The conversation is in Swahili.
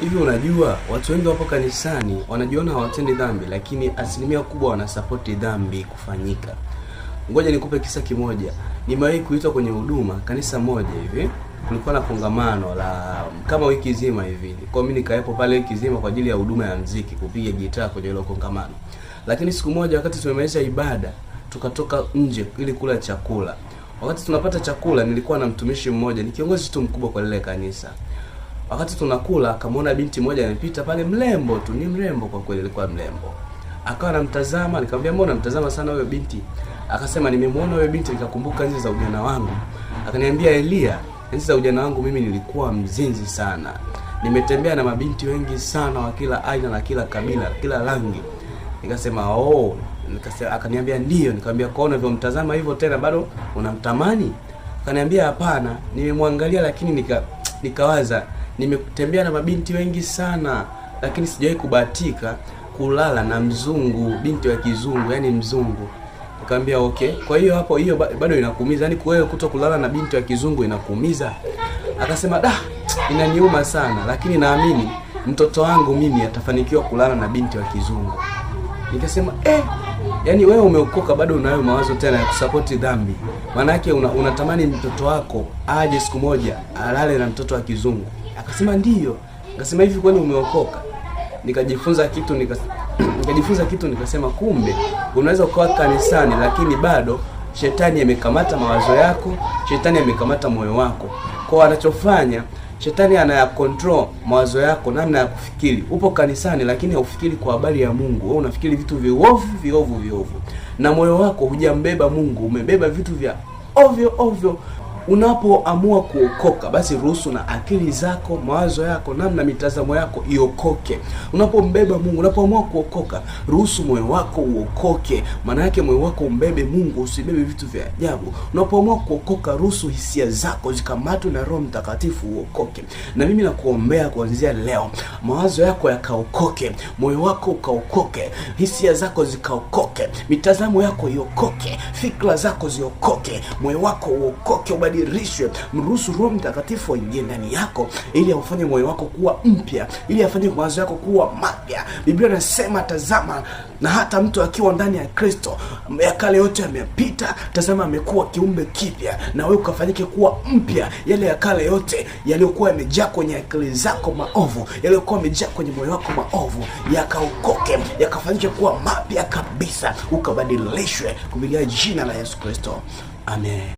Hivi unajua watu wengi wapo kanisani wanajiona hawatendi dhambi, lakini asilimia kubwa wanasapoti dhambi kufanyika. Ngoja nikupe kisa kimoja. Nimewahi kuitwa kwenye huduma kanisa moja hivi, kulikuwa na kongamano la kama wiki nzima hivi, kwa mimi nikawepo pale wiki nzima kwa ajili ya huduma ya mziki, kupiga gitaa kwenye hilo kongamano. Lakini siku moja, wakati tumemaliza ibada, tukatoka nje ili kula chakula. Wakati tunapata chakula, nilikuwa na mtumishi mmoja, ni kiongozi tu mkubwa kwa lile kanisa Wakati tunakula akamwona binti moja anapita pale, mrembo tu, ni mrembo kwa kweli, alikuwa mrembo. Akawa anamtazama, nikamwambia mbona unamtazama sana huyo binti? Akasema nimemwona huyo binti nikakumbuka enzi za ujana wangu. Akaniambia Elia, enzi za ujana wangu mimi nilikuwa mzinzi sana, nimetembea na mabinti wengi sana wa kila aina na kila kabila, kila rangi. Nikasema oh, nikasema. Akaniambia ndio Nikamwambia kwa nini unamtazama hivyo tena bado unamtamani? Akaniambia hapana, nimemwangalia lakini nika nikawaza nimetembea na mabinti wengi sana, lakini sijawahi kubahatika kulala na mzungu, binti wa kizungu, yani mzungu. Nikamwambia okay. Kwa hiyo hapo, hiyo bado inakuumiza? Yani wewe kuto kulala na binti wa kizungu inakuumiza? Akasema da, inaniuma sana, lakini naamini mtoto wangu mimi atafanikiwa kulala na binti wa kizungu. Nikasema eh, yani wewe umeokoka bado unayo mawazo tena ya kusapoti dhambi? Maanake una, unatamani mtoto wako aje siku moja alale na mtoto wa kizungu. Akasema ndio Nikasema hivi, kwani umeokoka? Nikajifunza kitu nika, nikajifunza kitu nikasema, kumbe unaweza ukawa kanisani lakini bado shetani amekamata mawazo yako, shetani amekamata moyo wako. Kwa anachofanya shetani control mawazo yako, namna ya kufikiri. Upo kanisani lakini haufikiri kwa habari ya Mungu, wewe unafikiri vitu viovu viovu viovu, na moyo wako hujambeba Mungu, umebeba vitu vya ovyo ovyo. Unapoamua kuokoka, basi ruhusu na akili zako, mawazo yako, namna mitazamo yako iokoke. Unapombeba Mungu, unapoamua kuokoka, ruhusu moyo wako uokoke. Maana yake moyo wako umbebe Mungu, usibebe vitu vya ajabu. Unapoamua kuokoka, ruhusu hisia zako zikamatwe na Roho Mtakatifu uokoke. Na mimi nakuombea kuanzia leo, mawazo yako yakaokoke, moyo wako ukaokoke, hisia zako zikaokoke, mitazamo yako iokoke, fikra zako ziokoke, moyo wako uokoke, ubadirishwe. Mruhusu Roho Mtakatifu aingie ndani yako, ili aufanye moyo wako kuwa mpya, ili afanye mawazo yako kuwa mapya. Biblia inasema tazama, na hata mtu akiwa ndani ya Kristo, ya kale yote yamepita, tazama, amekuwa kiumbe kipya, na wewe ukafanyike kuwa mpya. Yale ya kale yote yaliyokuwa yamejaa kwenye akili zako maovu, yaliyokuwa yamejaa kwenye moyo wako maovu, yakaokoke, yakafanyike kuwa mapya kabisa, ukabadilishwe kupitia jina la Yesu Kristo. Amen.